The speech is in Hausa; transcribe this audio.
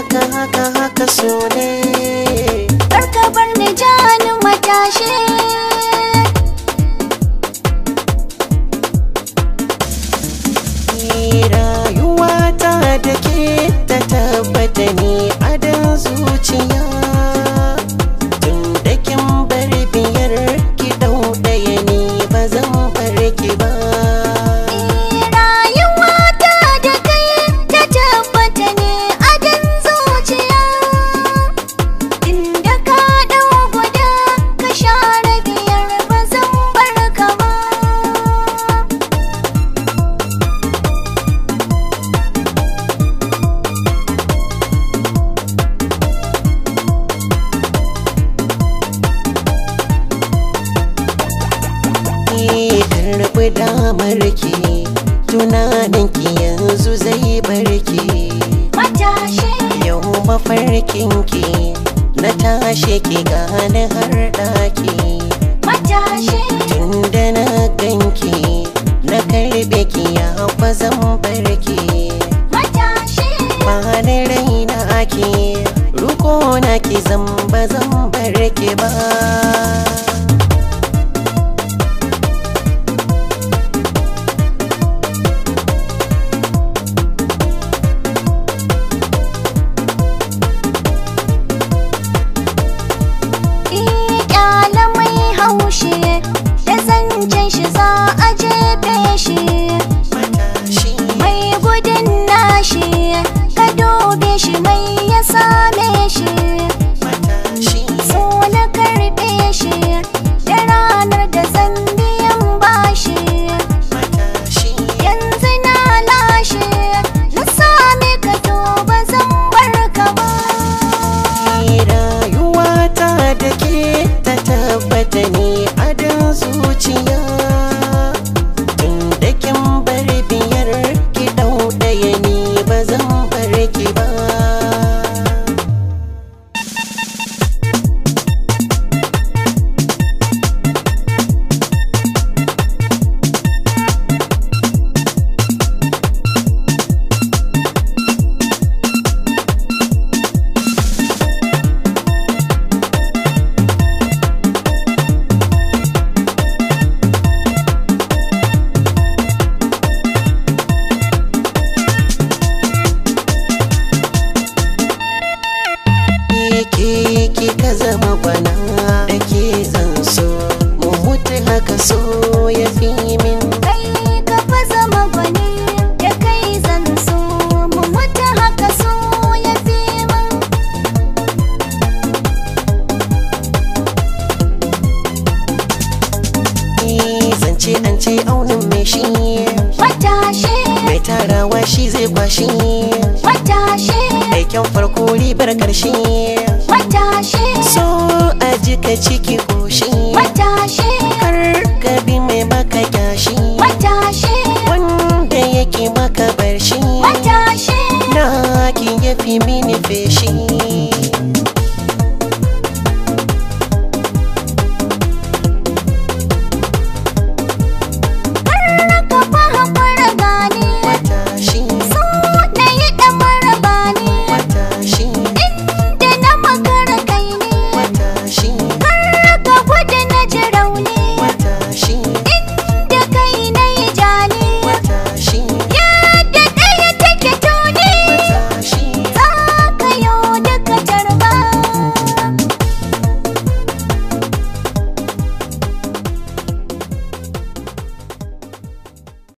haka haka haka so ne ka bar ni jani matashe rayuwa ta da ke ta tabbata ni adan zuciya ki tunanin ki yanzu zai barki yau mafarkin ki na tashi ki gane har daki tun tunda na ganki na karbe ki ya zan barki ba ni raina ki ruko na ki zamba zan barki ba so ya fi min kai ka fa zama bane da kai zan so mu mutu haka so ya fi min e, zance an ce aunin mai shi wata shi mai tarawa shi zai kwashi wata shi aikin farko ribar karshe wata shi so a jika ciki koshi Mini me fishing.